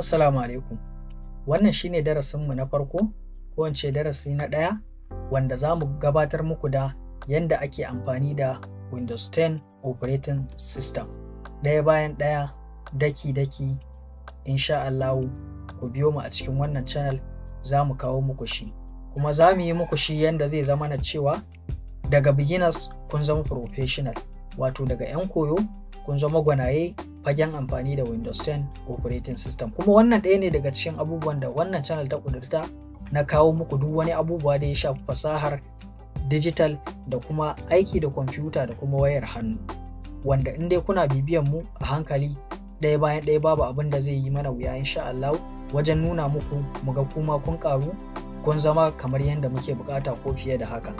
Assalamu alaikum. Wannan shine darasinmu na farko, ko in ce darasi na ɗaya, wanda za mu gabatar muku da yadda ake amfani da Windows 10 Operating System. Ɗaya bayan ɗaya, daki-daki, insha Allahu, ku biyo mu a cikin wannan channel za mu kawo muku shi. Kuma za mu yi muku shi yadda zai zama na cewa daga beginners kun zama professional, wato daga 'yan koyo kun zama gwanaye fagen amfani da Windows 10 operating system kuma wannan ɗaya ne daga cikin abubuwan da wannan channel ta kudurta na kawo muku duk wani abubuwa da ya shafi fasahar digital da kuma aiki da kwamfuta da kuma wayar hannu wanda in dai kuna bibiyan mu a hankali ɗaya bayan ɗaya babu abin da zai yi mana wuya insha Allah wajen nuna muku mu ga kuma kun karu kun zama kamar yadda muke bukata ko fiye da haka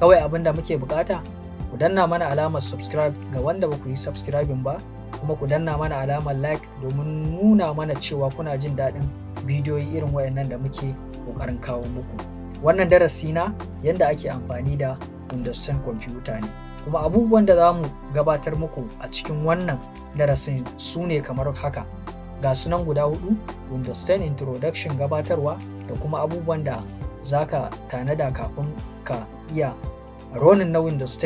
kawai abin da muke bukata ku danna mana alamar subscribe ga wanda ba ku yi subscribing ba kuma ku danna mana alamar like domin nuna mana cewa kuna jin daɗin bidiyoyi irin wayannan da muke ƙoƙarin kawo muku wannan darasi na yadda ake amfani da Windows 10 ne kuma abubuwan da za mu gabatar muku a cikin wannan darasin su ne kamar haka ga sunan guda hudu Windows 10 introduction gabatarwa da kuma abubuwan da za ka tanada kafin ka iya ronin na Windows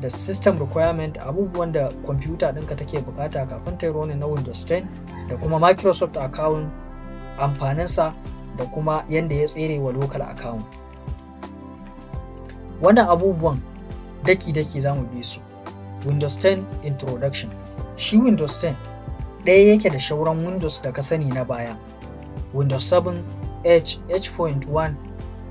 da system requirement abubuwan da kwamfuta ɗinka take bukata kafin ta yi na windows 10 da kuma microsoft account amfaninsa da kuma yadda ya tsere wa local account wannan abubuwan daki-daki za mu bi su windows 10 introduction shi windows 10 ɗaya yake da shauran windows da ka sani na baya windows 7 h h.1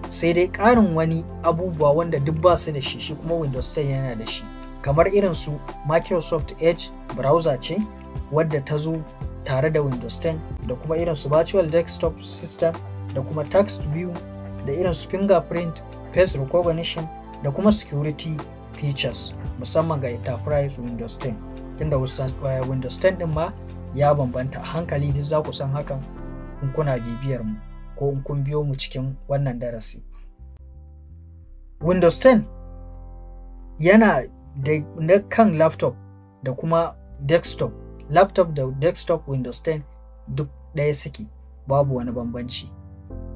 sai dai ƙarin wani abubuwa wanda duk ba su da shi shi kuma windows 10 yana da shi kamar irin su microsoft edge browser ce wadda ta zo tare da windows 10 da kuma irin su virtual desktop system da kuma text view da irin su fingerprint face recognition da kuma security features musamman ga enterprise windows 10 tunda windows 10 eh, din ma ya bambanta hankali duk za ku san hakan kuna bibiyar mu ko kun biyo mu cikin wannan darasi. Windows 10 yana da na kan laptop da kuma desktop. Laptop da desktop Windows 10 duk ɗaya suke babu wani bambanci.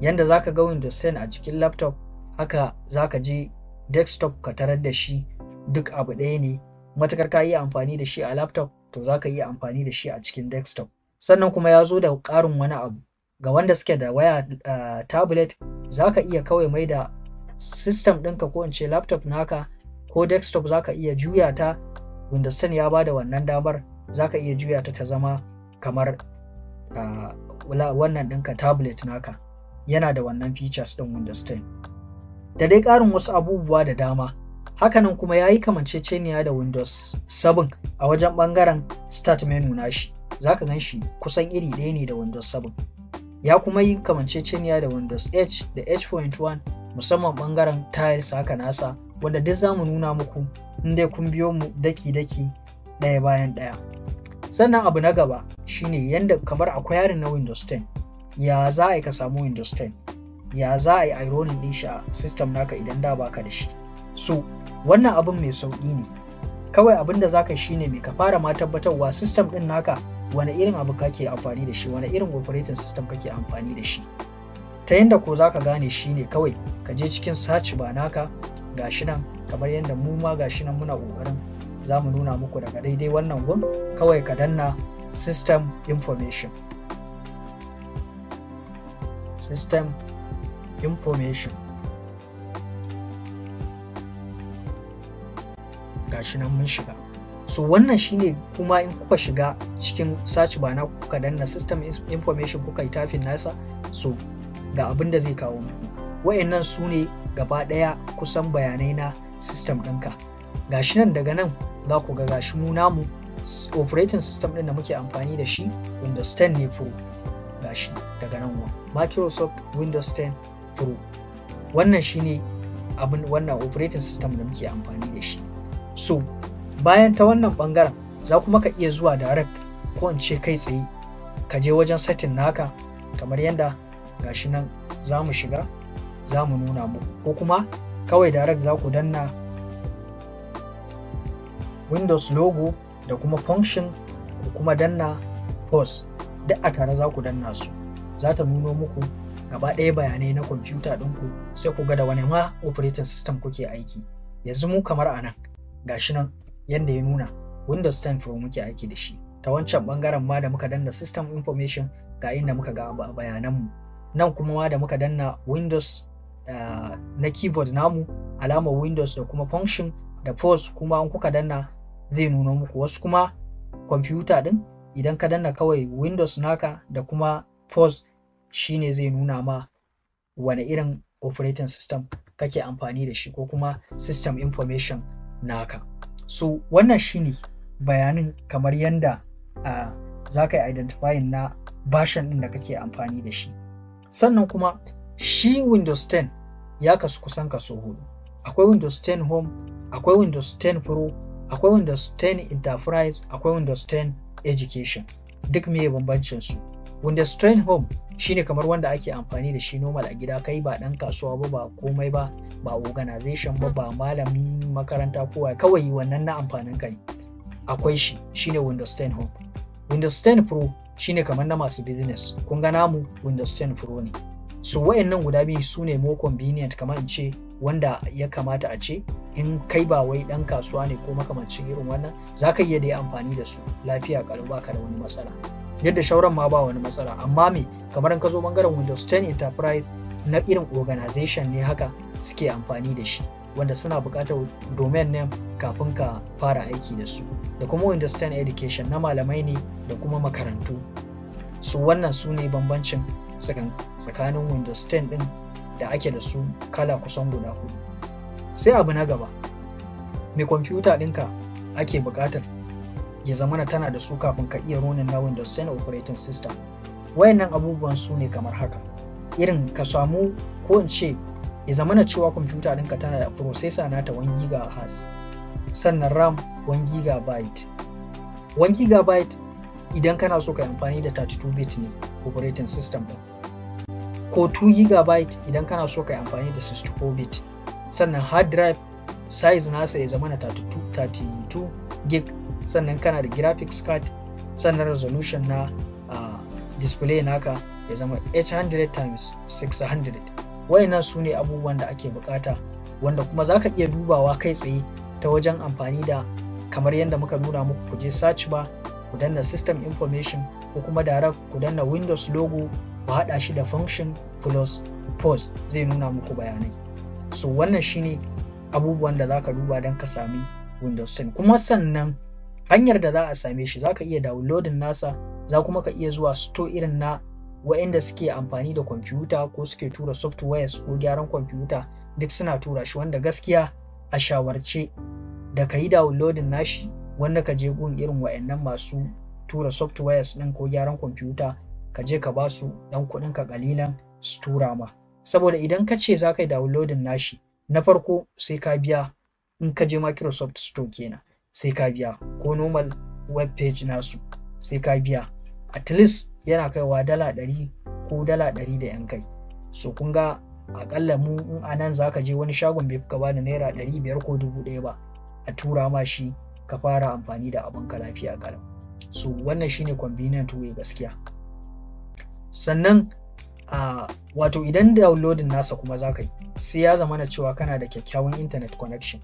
Yanda za ka ga Windows 10 a cikin laptop haka za ka je desktop ka tarar da shi duk abu ɗaya ne matakar ka yi amfani da shi a laptop to za ka yi amfani da shi a cikin desktop sannan kuma ya zo da ƙarin wani abu ga wanda suke da waya uh, tablet za ka iya kawai mai da system ɗinka ko in ce laptop naka ko desktop za ka iya juya ta Windows 10 ya bada wannan damar za ka iya juya ta ta zama kamar uh, wannan ɗinka tablet naka yana da wannan features ɗin Windows 10 da dai ƙarin wasu abubuwa da dama hakanan kuma ya yi kamanceceniya da Windows 7 a wajen ɓangaren start menu nashi za ka gan shi kusan iri ɗaya ne da Windows 7 ya kuma yi kamanceceniya da windows h da h.1 musamman bangaren tiles haka nasa wanda duk za mu nuna muku dai kun biyo mu daki-daki ɗaya bayan ɗaya sannan abu na gaba shine yadda kamar akwai yarin na windows 10 ya za a yi ka samu windows 10 ya za a yi ironing din shi a system naka idan da baka da shi so wannan abin mai sauƙi ne kawai abin da zaka shine mai ka fara ma tabbatarwa system din naka wani irin abu kake amfani da shi wani irin operating system kake amfani da shi ta yadda ko zaka gane shi ne kawai ka je cikin search ba naka gashi nan kamar yadda mu ma gashi nan muna ƙoƙarin za mu nuna muku daga daidai wannan gun kawai ka danna system information system information gashi nan mun shiga so wannan shine kuma in kuka shiga cikin search ba na kuka danna system information kuka yi tafin nasa so ga abin da zai kawo muku wayannan su ne gaba daya kusan bayanai na system ɗinka gashi nan daga nan za ku ga gashi mu namu operating system ɗin da muke amfani da shi windows 10 ne pro gashi daga nan wa microsoft windows 10 pro wannan shine abin wannan operating system da muke amfani da shi so bayan ta wannan bangaren za kuma ka iya zuwa direct ko in ce kai tsaye ka je wajen setting naka kamar yadda gashi nan za mu shiga za mu nuna mu ko kuma kawai direct za ku danna windows logo da kuma function ko kuma danna pause duk a tare za ku danna su za ta nuno muku gaba ɗaya bayanai na kwamfuta ɗinku sai ku ga da wani ma operating system kuke aiki yanzu mu kamar a nan gashi nan yadda ya nuna Windows 10 Pro muke aiki da shi. Ta wancan bangaren ma da muka danna System Information ga inda muka ga bayananmu. Nan kuma ma da muka danna Windows uh, na keyboard namu alamar Windows da kuma function da force kuma an kuka danna zai nuna muku wasu kuma kwamfuta din idan ka danna kawai Windows naka da kuma force shine zai nuna ma wane irin operating system kake amfani da shi ko kuma system information naka. so wannan shine bayanin kamar yadda uh, za ka yi identifying na bashin ɗin da kake amfani da shi sannan kuma shi windows 10 ya kasu kusan kaso hudu akwai windows 10 home akwai windows 10 pro akwai windows 10 enterprise akwai windows 10 education duk me bambancin su windows 10 home shine kamar wanda ake amfani da shi normal a gida kai ba dan kasuwa ba ba komai ba ba organization ba ba malami makaranta kowa kawai wannan na amfanin ka ne akwai shi shine windows 10 home windows 10 pro shine kamar na masu business kun ga namu windows 10 pro ne so wayannan guda biyu su ne more convenient kamar in ce wanda ya kamata a ce in kai ba wai dan kasuwa ne ko makamancin irin wannan za ka iya da amfani da su lafiya kalau baka da wani matsala Yadda da shauran ma ba wani matsala amma me kamar ka zo bangaren windows 10 enterprise na irin organization ne haka suke amfani da shi wanda suna buƙatar domain name kafin ka fara aiki da su da kuma windows 10 education na malamai ne da kuma makarantu su wannan su ne bambancin tsakanin windows 10 din da ake da su kala kusan guda hudu sai abu na gaba mai kwamfuta ɗinka ake buƙatar ya zamana tana da su kafin ka iya runin na Windows 10 operating system. Wayannan abubuwan su ne kamar haka. Irin ka samu ko in ce ya zamana cewa kwamfuta ɗinka tana da processor nata 1 GHz sannan RAM 1 GB. 1 GB idan kana so ka amfani da 32 bit ne operating system ɗin. Ko 2 GB idan kana so ka amfani da 64 bit. Sannan hard drive size nasa ya zamana 32 gig sannan kana da graphics card sannan resolution na uh, display naka ya zama 800 times 600 wayannan su ne abubuwan da ake bukata wanda kuma za ka iya dubawa kai tsaye ta wajen amfani da kamar yadda muka nuna muku ku je search ba ku danna system information ko kuma direct ku danna windows logo ku haɗa shi da function plus pause zai nuna muku bayanai so wannan shine abubuwan da za ka duba don ka sami windows 10 kuma sannan hanyar da za a same shi za ka iya downloadin nasa za kuma ka iya zuwa store irin na waɗanda suke amfani da kwamfuta ko suke tura softwares ko gyaran kwamfuta duk suna tura shi wanda gaskiya a shawarce da ka yi downloadin nashi wanda ka je gun irin waɗannan masu tura softwares ɗin ko gyaran kwamfuta ka je ka ba su ɗan kuɗin ka ƙalilan su tura ma saboda idan ka ce za ka yi downloadin nashi na farko sai ka biya in ka je microsoft store kenan sai ka biya ko normal web page nasu sai ka biya at least yana kaiwa dala ɗari ko dala ɗari da yan kai so kun ga akalla mu in a nan za ka je wani shagon bai ka bani naira ɗari biyar ko dubu ɗaya ba a tura ma shi ka fara amfani da abin ka lafiya kalau so wannan shine convenient way gaskiya sannan a wato idan downloading nasa kuma za ka yi sai ya zama na cewa kana da kyakkyawan internet connection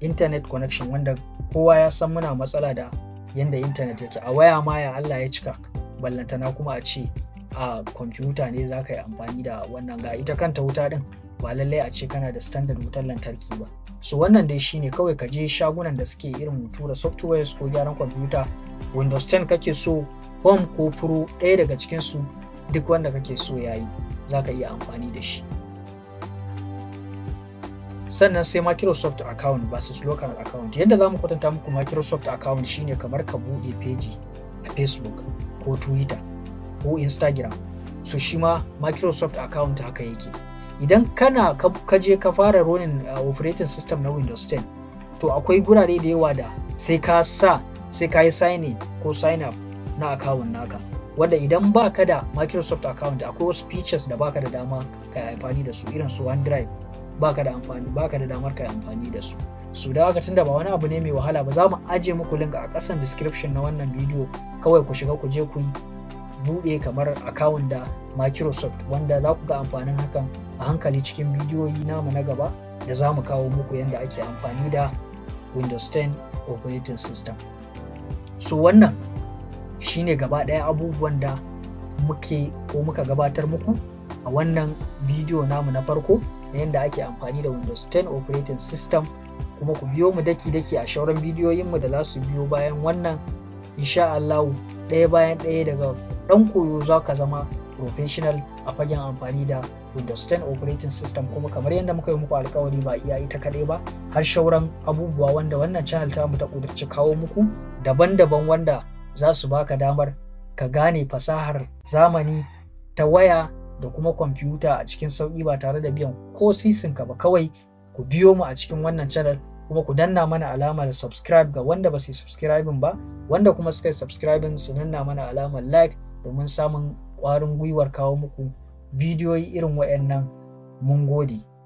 internet connection wanda kowa ya san muna matsala da yanda internet ya ci a waya ma ya Allah ya cika ballantana kuma a ce a kwamfuta ne za ka yi amfani da wannan ga ita kanta wuta din ba lallai a ce kana da standard wutar lantarki ba so wannan dai shine kawai ka je shagunan da suke irin tura software ko gyaran kwamfuta windows 10 kake so home ko pro ɗaya daga cikin su duk wanda kake so yayi za ka iya amfani da shi sannan sai microsoft account versus local account yadda za mu kwatanta muku microsoft account shine kamar ka buɗe peji a facebook ko twitter ko instagram so shima microsoft account haka yake idan kana ka je ka fara ronin uh, operating system na windows 10 to akwai gurare da yawa da sai ka sa sai ka yi sign in ko sign up na account naka wanda idan baka da microsoft account akwai wasu features da baka da dama ka yi amfani da su irin su onedrive baka da amfani baka da damar kai amfani da su su da haka tunda ba wani abu ne mai wahala ba za mu aje muku link a ƙasan description na wannan bidiyo kawai ku shiga ku je ku buɗe kamar akawun da microsoft wanda za ku ga amfanin hakan a hankali cikin bidiyoyi namu na gaba da za mu kawo muku yadda ake amfani da windows 10 operating system so wannan shine gaba ɗaya abubuwan da muke ko muka gabatar muku a wannan bidiyo namu na farko na yadda ake amfani da Windows 10 operating system kuma ku biyo mu daki-daki a shauran bidiyoyinmu da za su biyo bayan wannan insha Allahu ɗaya bayan ɗaya daga ɗan koyo za ka zama professional a fagen amfani da Windows 10 operating system kuma kamar yadda muka yi muku alkawari ba iya ita kaɗai ba har shauran abubuwa wanda wannan channel ta mu ta ƙudurci kawo muku daban-daban wanda za su baka damar ka gane fasahar zamani ta waya da kuma kwamfuta a cikin sauƙi ba tare da biyan ko sisinka ba kawai ku biyo mu a cikin wannan channel kuma ku danna mana alamar subscribe ga wanda ba su subscribe ba wanda kuma suka subscribe su danna mana alamar like domin samun ƙwarin gwiwar kawo muku bidiyoyi irin waɗannan mun gode.